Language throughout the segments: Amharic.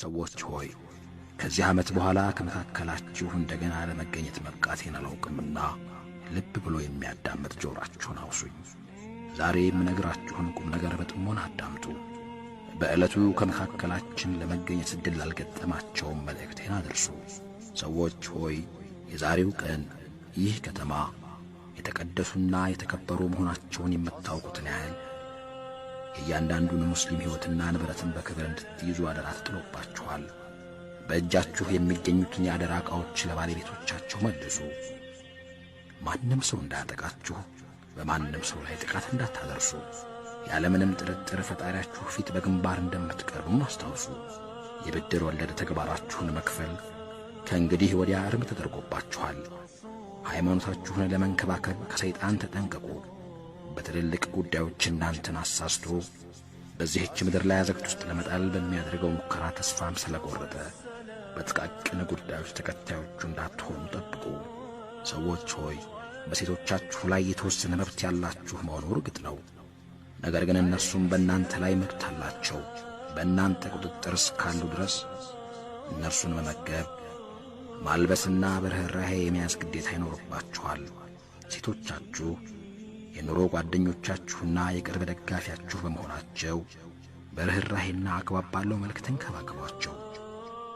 ሰዎች ሆይ ከዚህ ዓመት በኋላ ከመካከላችሁ እንደገና ለመገኘት መብቃቴን አላውቅምና ልብ ብሎ የሚያዳምጥ ጆሮአችሁን አውሱኝ። ዛሬ የምነግራችሁን ቁም ነገር በጥሞን አዳምጡ። በዕለቱ ከመካከላችን ለመገኘት ዕድል ላልገጠማቸውም መልእክቴን አድርሱ። ሰዎች ሆይ የዛሬው ቀን ይህ ከተማ የተቀደሱና የተከበሩ መሆናቸውን የምታውቁትን ያህል እያንዳንዱን ሙስሊም ሕይወትና ንብረትን በክብር እንድትይዙ አደራ ተጥሎባችኋል። በእጃችሁ የሚገኙትን የአደራ ዕቃዎች ለባለቤቶቻቸው መልሱ። ማንም ሰው እንዳያጠቃችሁ፣ በማንም ሰው ላይ ጥቃት እንዳታደርሱ። ያለምንም ጥርጥር ፈጣሪያችሁ ፊት በግንባር እንደምትቀርቡም አስታውሱ። የብድር ወለድ ተግባራችሁን መክፈል ከእንግዲህ ወዲያ እርም ተደርጎባችኋል። ሃይማኖታችሁን ለመንከባከብ ከሰይጣን ተጠንቀቁ። በትልልቅ ጉዳዮች እናንተን አሳስቶ በዚህች ምድር ላይ አዘግት ውስጥ ለመጣል በሚያደርገው ሙከራ ተስፋም ስለቆረጠ በጥቃቅን ጉዳዮች ተከታዮቹ እንዳትሆኑ ጠብቁ። ሰዎች ሆይ በሴቶቻችሁ ላይ የተወሰነ መብት ያላችሁ መሆኑ እርግጥ ነው። ነገር ግን እነርሱም በእናንተ ላይ መብት አላቸው። በእናንተ ቁጥጥር እስካሉ ድረስ እነርሱን መመገብ፣ ማልበስና በርኅራሄ የመያዝ ግዴታ ይኖርባችኋል። ሴቶቻችሁ የኑሮ ጓደኞቻችሁና የቅርብ ደጋፊያችሁ በመሆናቸው በርኅራሄና አግባብ ባለው መልክ ተንከባከቧቸው።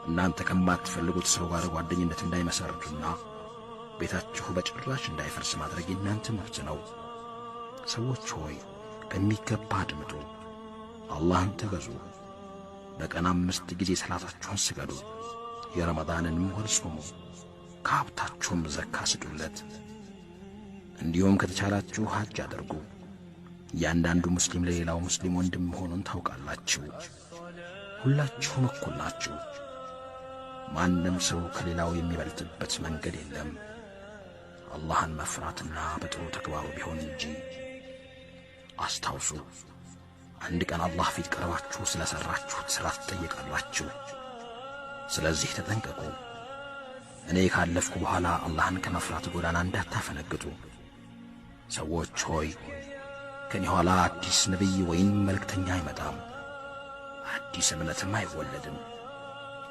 እናንተ ከማትፈልጉት ሰው ጋር ጓደኝነት እንዳይመሰርቱና ቤታችሁ በጭራሽ እንዳይፈርስ ማድረግ የእናንተ መብት ነው። ሰዎች ሆይ በሚገባ አድምጡ፣ አላህን ተገዙ፣ በቀን አምስት ጊዜ ሰላታችሁን ስገዱ፣ የረመዳንንም ወር ጾሙ፣ ከሀብታችሁም ዘካ ስጡለት። እንዲሁም ከተቻላችሁ ሀጅ አድርጉ። እያንዳንዱ ሙስሊም ለሌላው ሙስሊም ወንድም መሆኑን ታውቃላችሁ። ሁላችሁም እኩል ናችሁ። ማንም ሰው ከሌላው የሚበልጥበት መንገድ የለም አላህን መፍራትና በጥሩ ተግባሩ ቢሆን እንጂ። አስታውሱ፣ አንድ ቀን አላህ ፊት ቀርባችሁ ስለ ሠራችሁት ሥራ ትጠየቃላችሁ። ስለዚህ ተጠንቀቁ። እኔ ካለፍኩ በኋላ አላህን ከመፍራት ጎዳና እንዳታፈነግጡ። ሰዎች ሆይ ከኔ ኋላ አዲስ ነቢይ ወይም መልእክተኛ አይመጣም፣ አዲስ እምነትም አይወለድም።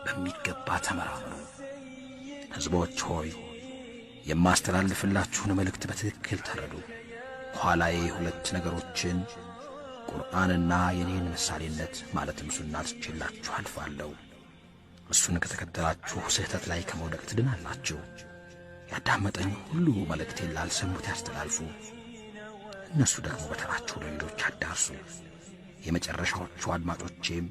በሚገባ ተመራመሩ። ሕዝቦች ሆይ የማስተላልፍላችሁን መልእክት በትክክል ተረዱ። ኋላዬ ሁለት ነገሮችን ቁርአንና የኔን ምሳሌነት ማለትም ሱና ትችላችሁ አልፋለሁ። እሱን ከተከተላችሁ ስህተት ላይ ከመውደቅ ትድናላችሁ። ያዳመጠኝ ሁሉ መልእክቴን ላልሰሙት ያስተላልፉ። እነሱ ደግሞ በተራቸው ለሌሎች አዳርሱ። የመጨረሻዎቹ አድማጮቼም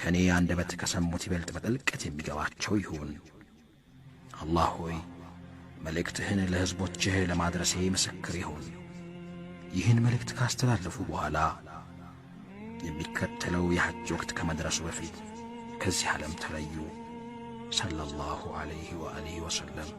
ከእኔ አንደበት ከሰሙት ይበልጥ በጥልቀት የሚገባቸው ይሁን። አላህ ሆይ መልእክትህን ለሕዝቦችህ ለማድረሴ ምስክር ይሁን። ይህን መልእክት ካስተላለፉ በኋላ የሚከተለው የሐጅ ወቅት ከመድረሱ በፊት ከዚህ ዓለም ተለዩ። ሰለላሁ ዐለይሂ ወአሊሂ ወሰለም